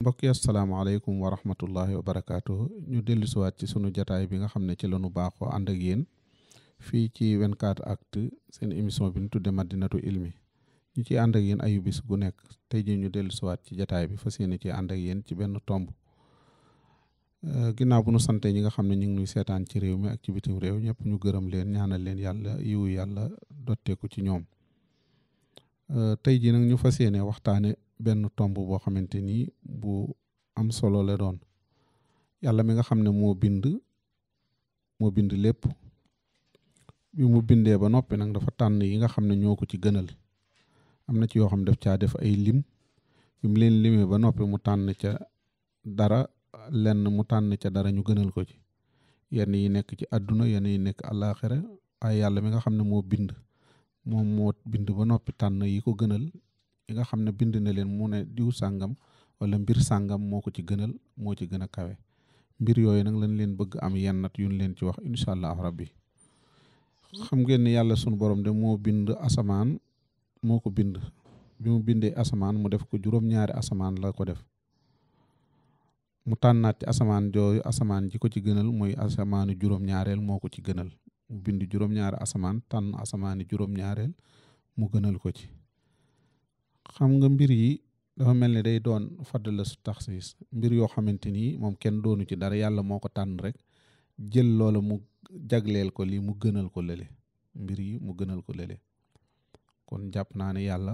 mbokk yi asalaamaaleykum wa rahmatullahi ñu dellu siwaat ci sunu jataay bi nga xam ne ci lanu baaxoo àndak ak fii ci 24 actu seen émission bi ñu tudde madinatu ilimi ñu ci ànd ak yéen ayu bis nekk tey ji ñu dellu siwaat ci jataay bi fa yéene ci àndak ak yéen ci benn tomb euh, ginnaaw bu nu santee ñi nga xam ne ñu ngi nuy seetaan ci réew mi ak ci bitim réew ñëpp ñu gërëm leen ñaanal leen yàlla yiwu yàlla dotteeku ci ñoom Euh, tey jii nag ñu fa yéene waxtaane benn tomb boo xamante ni bu am solo la doon yàlla mi nga xam ne moo bind moo bind lépp bi mu bindee ba noppi nag dafa tànn yi nga xam ne ñoo ko ci gënal am na ci yoo xam daf caa def ay lim bi mu leen limee ba noppi mu tànn ca dara lenn mu tànn ca dara ñu gënal ko ci yenn yi nekk ci àdduna yenn yi nekk àllaaxira ay yàlla mi nga xam ne moo bind moom moo bind ba noppi tànn yi ko gënal yi nga xam ne bind na leen mu ne diw sàngam walla mbir sàngam moo ko ci gënal moo ci gën a kawe mbir yooyu nag lañ leen bëgg am yennat yuñ leen ci wax incha allah rabbi xam ngeen ne yàlla sunu borom de moo bind asamaan moo ko bind bi mu bindee asamaan mu def ko juróom-ñaari asamaan la ko def mu tànnaat ci asamaan jooyu asamaan ji ko ci gënal mooy asamaanu juróom-ñaareel moo ko ci gënal mu bind juróom-ñaari asamaan tànn asamaani juróom-ñaareel mu gënal ko ci xam nga mbir yi dafa mel ni day doon fadla su taxsiis mbir yoo xamante ni moom kenn doonu ci dara yàlla moo ko tànn rek jël loola mu jagleel ko li mu gënal ko lële mbir yi mu gënal ko lële kon jàpp naa ne yàlla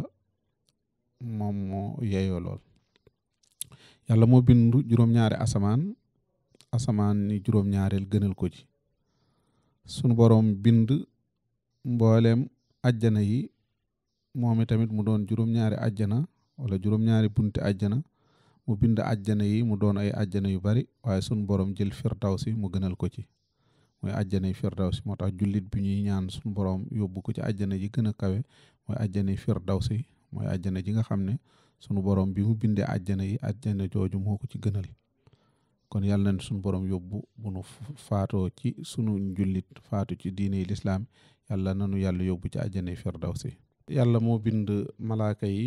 moom moo yeyoo lool yàlla moo bindu juróom-ñaari asamaan asamaan juróom-ñaareel gënal ko ci sunu borom bind mbooleem ajjana yi moom tamit mu doon juróom-ñaari ajjana wala juróom-ñaari bunti ajjana mu bind ajjana yi mu doon ay ajjana yu bari waaye sunu borom jël firdawsi mu gënal ko ci mooy ajjana yi firdawsi moo tax jullit bi ñuy ñaan sunu boroom yóbbu ko ci ajjana ji gën a kawe mooy ajjana yi firdawsi mooy ajjana ji nga xam ne sunu borom bi mu bindee ajjana yi ajjana jooju moo ko ci gënal kon yàlla nañ suñu borom yóbbu bu nu ci sunu njulit faatu ci diine lislaam yàlla nanu yàlla yóbbu ci àjjana firdawsi yàlla moo bind malaaka yi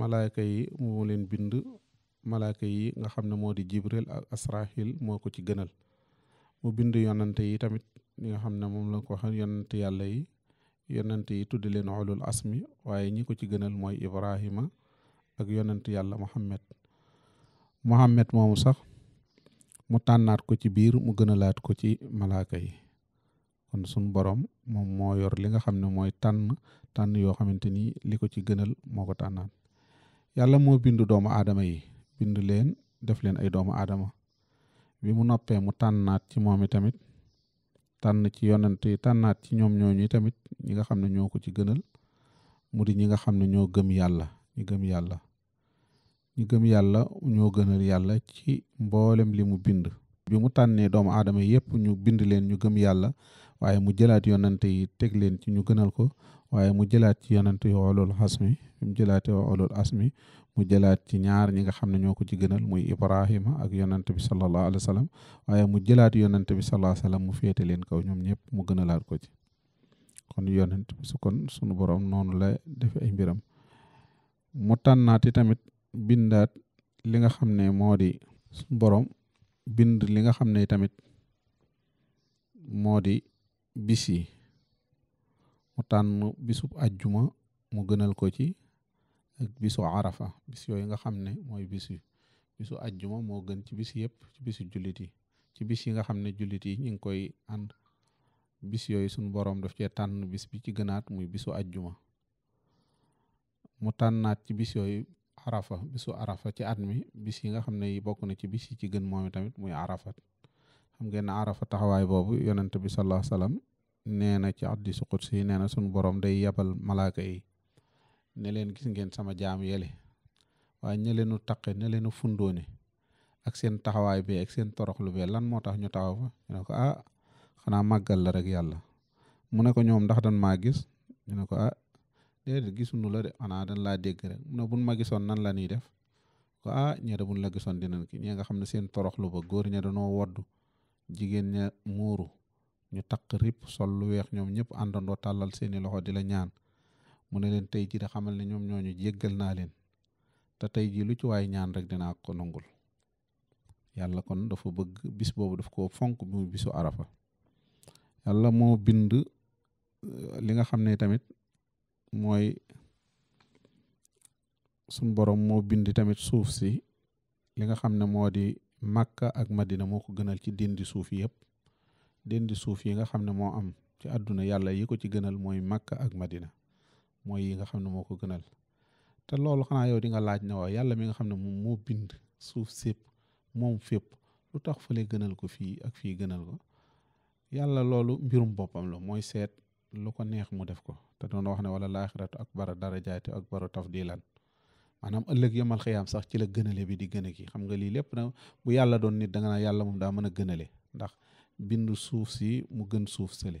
malaaka yi moo leen bind malaaka yi nga xam ne moo di jibril ak moo ko ci gënal mu bind yonante yi tamit ñi nga xam ne moom la ko waxee yonante yàlla yi yonante yi tuddi leen ulul asmi waaye ñi ko ci gënal mooy ibrahima ak yonante yàlla muhammad muhammad moomu sax mu tànnaat ko ci biir mu gën a laat ko ci malaaka yi kon sunu borom moom moo yor li nga xam ne mooy tànn tànn yoo xamante ni li ko ci gënal moo ko tànnaat yàlla moo bindu doomu aadama yi bind leen def leen ay doomu adama bi mu noppee mu tànnaat ci moom i tamit tànn ci yonent yi tànnaat ci ñoom ñooñu tamit ñi nga xam ne ñoo ko ci gënal mu di ñi nga xam ne ñoo gëm yàlla ñi gëm yàlla ñu gëm yàlla ñoo gënal yàlla ci mboolem li mu bind bi mu tànnee doomu aadama yépp ñu bind leen ñu gëm yàlla waaye mu jëlaat yonante yi teg leen ci ñu gënal ko waaye mu jëlaat ci yonante yi ulul asmi mu jëlaatee ulul asmi mu jëlaat ci ñaar ñi nga xam ne ñoo ko ci gënal muy Ibrahima ak yonante bi sallallahu alayhi wa waaye mu jëlaat yonante bi sallallahu alayhi wa mu féete leen kaw ñoom ñëpp mu gënalaat ko ci kon kon sunu boroom noonu la defe ay mbiram mu tànnaati tamit bindaat li nga xam ne moo di borom bind li nga xam ne tamit moo di bis mu tànn bisub ajjuma mu gënal ko ci ak bisu arafa bis yooyu nga xam ne mooy bis yi ajjuma moo gën ci bis yëpp ci bisu jullit yi ci bis yi nga xam ne jullit yi ñu ngi koy ànd bis yooyu sunu borom daf cee tànn biss bi ci gënaat muy bisu ajjuma mu tànnaat ci bis yooyu arafa bisu arafa ci at mi bis nga xam ne yi bokk na ci bis yi ci gën moom tamit muy arafa xam ngeen ne arafa taxawaay boobu yonent bi sallallahu alayhi wasallam nee na ci hadiisu qudsi nee na sunu boroom day yabal malaaka yi ne leen gis ngeen sama jaam yele waaye ñe leenu taqe ne leenu fundoone ak seen taxawaay bi ak seen toroxlu bi lan moo tax ñu taxaw fa ñu ko ah xanaa màggal la rek yàlla ko ah déedéet gisuñu la de xanaa dañ laa dégg rek mu ne buñ ma nan la ñuy def ko ah ñe da buñ la gisoon dinañ ki ñi nga xam ne seen toroxlu ba góor ña noo woddu jigéen ña muuru ñu takk rip sol lu weex ñoom ñëpp àndandoo tàllal seeni loxo di la ñaan mu ne leen tey ji da xamal ne ñoom ñooñu jéggal naa leen te tey ji lu ci waay ñaan rek dinaa ko nangul yàlla kon dafa bëgg bis boobu daf ko fonk bi mu bisu arafa yàlla moo bind euh, li nga xam ne tamit mooy suñ borom moo bind tamit suuf si li nga xam ne moo di Makka ak Madina moo ko gënal ci dindi suuf yëpp dindi suuf yi nga xam ne moo am ci àdduna yàlla yi ko ci gënal mooy Makka ak Madina mooy yi nga xam ne moo ko gënal te loolu xanaa yow di nga laaj ne waaw yàlla mi nga xam ne moom moo bind suuf sépp moom fépp lu tax fële gënal ko fii ak fii gënal ko yàlla loolu mbirum boppam la mooy seet lu ko neex mu def ko te doon a wax ne wala ak laaxiratu ak darajaati akbaru tafdilan maanaam ëllëg yomal xiyaam sax ci la gënale bi di gëne ki xam nga lii lépp na bu yàlla doon nit danga nga yàlla moom daa mën a gënale ndax bind suuf si mu gën suuf sële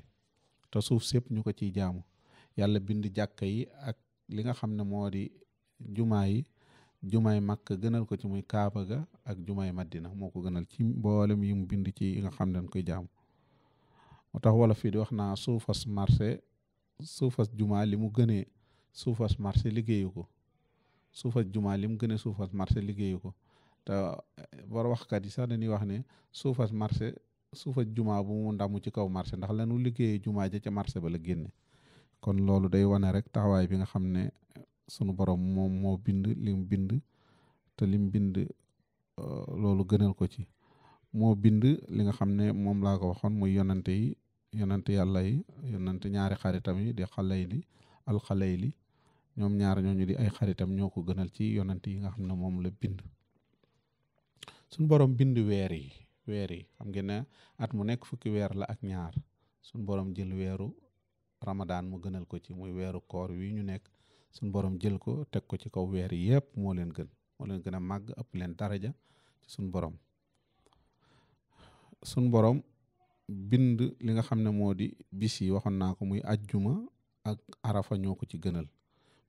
te suuf sépp ñu ko ciy jaamu yàlla bind jàkka yi ak li nga xam ne moo di jumaa yi jumaay màkk gënal ko ci muy kaaba ga ak jumaa jumaay madina moo ko gënal ci mboolem yi mu bind ci yi nga xam ne dañ koy jaamu moo tax wala fii di wax naa suufas marché suufas jumaa li mu gënee suufas marché liggéeyu ko suufas jumaa li mu gënee suufas marché liggéeyu ko te war eh, waxkat yi sax dañuy wax ne suufas marché suufas jumaa bu mu ndamu ci kaw marché ndax lanu liggéeyee jumaa ja ca marché ba la génne kon loolu day wane rek taxawaay bi nga xam ne sunu borom moom moo bind lim bind te lim bind eh, loolu gënal ko ci moo bind li nga xam ne moom laa ko waxoon muy yonante yi yonante yàlla yi yonante ñaari xaritam yi di xalayli alxalayli ñoom ñaar ñooñu di ay xaritam ñoo ko gënal ci yonante yi nga xam ne moom la bind suñ borom bind weer yi weer yi xam ngeen ne at mu nekk fukki weer la ak ñaar suñ borom jël weeru ramadaan mu gënal ko ci muy weeru koor wi ñu nekk suñ borom jël ko teg ko ci kaw weer yépp moo leen gën moo leen gën a màgg ëpp leen daraja ci suñ borom sun borom bind li nga xam ne moo di bis yi waxoon naa ko muy ajjuma ak arafa ñoo ko ci gënal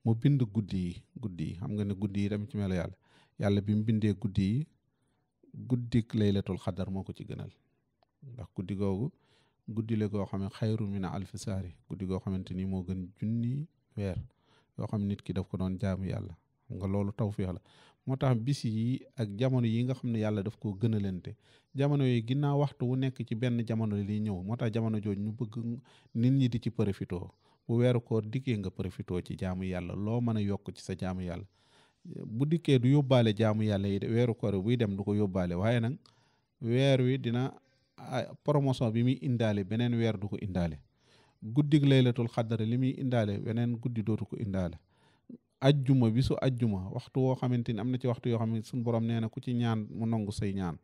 mu bind guddi yi guddi yi xam nga ne guddi yi tamit ci melo yàlla yàlla bi mu bindee guddi yi guddik laylatul xadar moo ko ci gënal ndax guddi googu guddi le goo xam ne xayru min alfi saari guddi goo xamante ni moo gën junni weer yoo xam nit ki daf ko doon jaamu yàlla nga loolu tawféex la moo tax bis yi ak jamono yii nga xam ne yàlla daf koo gën a lente jamono yi ginnaaw waxtu wu nekk ci benn jamono li ñëw moo tax jamono jooju ñu bëgg nit ñi di ci profitoo bu weeru koor dikkee nga profitoo ci jaamu yàlla loo mën a yokk ci sa jaamu yàlla bu dikkee du yóbbaale jaamu yàlla yi de weeru koor buy dem du ko yóbbaale waaye nag weer wi dina promotion bi muy indaale beneen weer du ko indaale guddi laylatul xaddara li muy indaale beneen guddi dootu ko indaale ajjuma bisu su ajjuma waxtu woo xamante ni am na ci waxtu yoo xam ne suñu borom nee na ku ci ñaan mu nangu say ñaan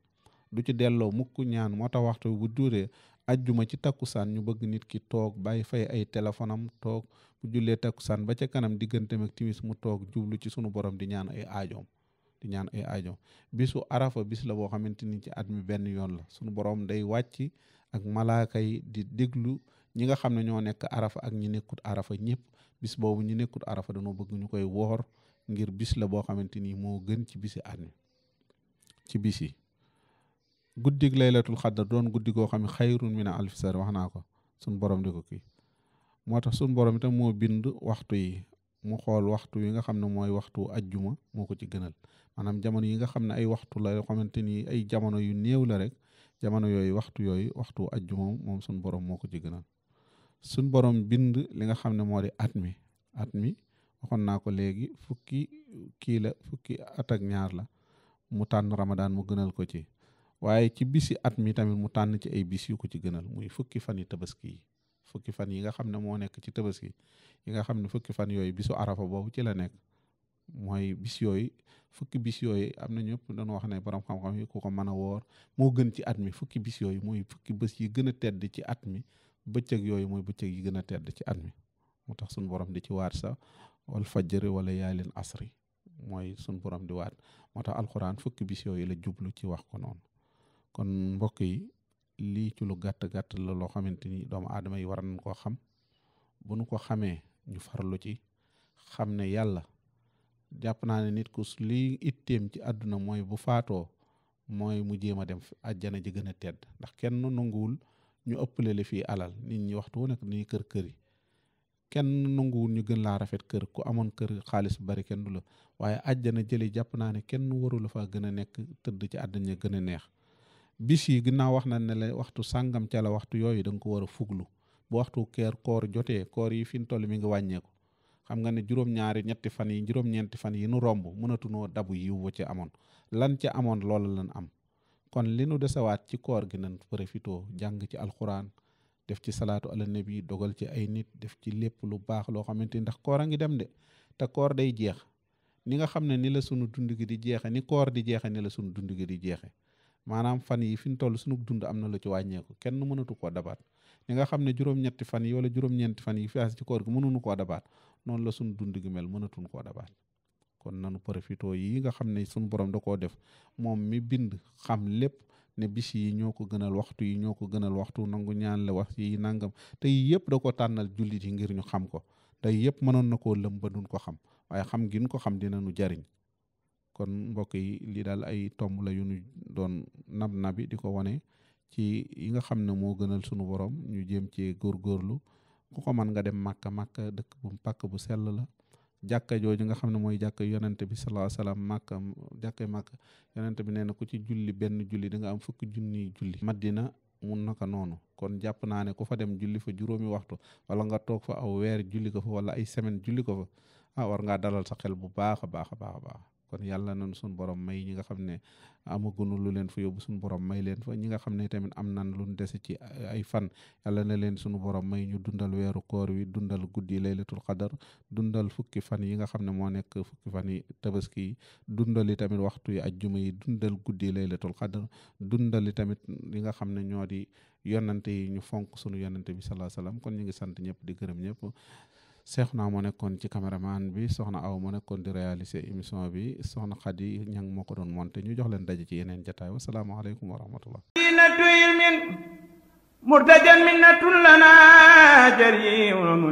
du ci delloo mukk ñaan moo waxtu bu duree ajjuma ci takkusaan ñu bëgg nit ki toog bay fay ay téléphone am toog bu jullee takkusaan ba ca kanam digganteem ak timis mu toog jublu ci sunu borom di ñaan ay aajoom di ñaan ay aajoom bisu arafa bis la boo xamante ni ci at mi benn yoon la sunu borom day wàcc ak malaaka di déglu ñi nga xam ne ñoo nekk arafa ak ñi nekkut arafa ñëpp bis boobu ñi nekkut arafa danoo bëgg ñu koy woor ngir bis la boo xamante ni moo gën ci bisi at ci bis yi guddig laylatul xadar doon guddi goo xam ne xayrun min alfi sar wax naa ko suñ borom di ko kii moo tax suñ borom itam moo bind waxtu yi mu xool waxtu yi nga xam ne mooy waxtu ajjuma moo ko ci gënal maanaam jamono yi nga xam ne ay waxtu la yoo xamante ni ay jamono yu néew la rek jamono yooyu waxtu yooyu waxtu ajjuma moom suñ borom moo ko ci gënal suñ borom bind li nga xam ne moo di at mi at mi waxoon naa ko léegi fukki kii la fukki atak ñaar la mu tànn ramadaan mu gënal ko ci waaye ci bisi at mi tamit mu tànn ci ay bis yu ko ci gënal muy fukki fan yi tabaski yi fukki fan yi nga xam ne moo nekk ci tabaski yi nga xam ne fukki fan yooyu bisu arafa boobu ci la nekk mooy bis yooyu fukki bis yooyu am na ñëpp dañu wax ne borom xam-xam yi ko mën a woor moo gën ci at mi fukki bis yooyu mooy fukki bés yi gën a tedd ci at mi bëccëg yooyu mooy bëccëg yi gën a tedd ci at mi moo tax suñu borom di ci waat sa wal fajri wala yaalin asri mooy suñu borom di waat moo tax alxuraan fukki bis yooyu la jublu ci wax ko noonu kon mbokk yi lii ci lu gàtt gàtt la loo xamante ni doomu aadama yi war nañ koo xam bu nu ko xamee ñu farlu ci xam ne yàlla jàpp naa ne nit ku lii itteem ci àdduna mooy bu faatoo mooy mu jéem a dem àjjana ji gën a tedd ndax kenn nanguwul ñu ëppale la fii alal nit ñi waxtu wu nekk dañuy kër kër yi kenn nanguwul ñu gën laa rafet kër ku amoon kër xaalis bari kenn du la waaye àjjana jëli jàpp naa ne kenn waru la faa gën a nekk tëdd ci àddina gën a neex bis yi ginnaaw wax na ne la waxtu sàngam ca la waxtu yooyu danga ko war a fuglu bu waxtu keer koor jotee koor yi fi mu toll mi ngi wàññeeku xam nga ne juróom-ñaari ñetti fan yi juróom-ñeenti fan yi nu romb mënatunoo dabu yiw wa amoon lan ci amoon loola lan am kon li nu desewaat ci koor gi nan profité jàng ci alxuraan def ci salaatu ala nabi dogal ci ay nit def ci lépp lu baax loo xamante ni ndax koor a ngi dem de te koor day jeex ni nga xam ne ni la sunu dund gi di jeexe ni koor di jeexe ni la sunu dund gi di jeexe maanaam fan yi fi ñu toll sunu dund am na lu ci wàññeeku kenn mënatu koo dabaat ni nga xam ne juróom fan yi wala fan yi fi as ci mënuñu koo dabaat noonu la sunu dund gi mel mënatuñ koo dabaat kon nanu profito yi nga xam ne sunu borom da koo def moom mi bind xam lépp ne bisi yi ñoo ko gënal waxtu yi ñoo ko gënal waxtu nangu ñaan la wax yi nangam te yëpp da ko tànnal jullit yi ngir ñu xam ko te yëpp mënoon na ko lëm ba ko xam waaye xam gin ko xam dina nu jariñ kon mbokk yi lii daal ay tomb la yu nu doon nab nabi di ko wane ci yi nga xam ne moo gënal sunu borom ñu jéem cee góorgóorlu ku ko man nga dem màkka màkka dëkk bu pàkk bu sell la jàkka jooju nga xam ne mooy jàkka yonent bi sallallahu alayhi wasallam màkka jàkka màkka yonent bi nee na ku ci julli benn julli danga am fukki junniy julli madina mun naka noonu kon jàpp naa ne ku fa dem julli fa juróomi waxtu wala nga toog fa aw weer julli ko fa wala ay semaine julli ko fa ah war ngaa dalal sa xel bu baax a baax a baax baax kon yàlla nañ suñu borom may ñi nga xam ne amagunu lu leen fa yóbbu suñu borom may leen fa ñi nga xam ne tamit am nan lu luñ dese ci ay fan yàlla na leen suñu borom may ñu dundal weeru koor wi dundal guddi laylatul xadar dundal fukki fan yi nga xam ne moo nekk fukki fan yi tabaski dundal yi tamit waxtu yi ajjuma yi dundal guddi laylatul xadar dundal yi tamit li nga xam ne ñoo di yonante yi ñu fonk sunu yonante mi salaa salaam kon ñu ngi sant ñëpp di gërëm ñëpp seexu naa moo nekkoon ci caméraman bi soxna aw moo nekkoon di réaliser émission bi soxna Xadi ñang moo ko doon monté ñu jox leen daje ci yeneen jataay wasalaamaaleykum wa rahmatullah murtajan minnatun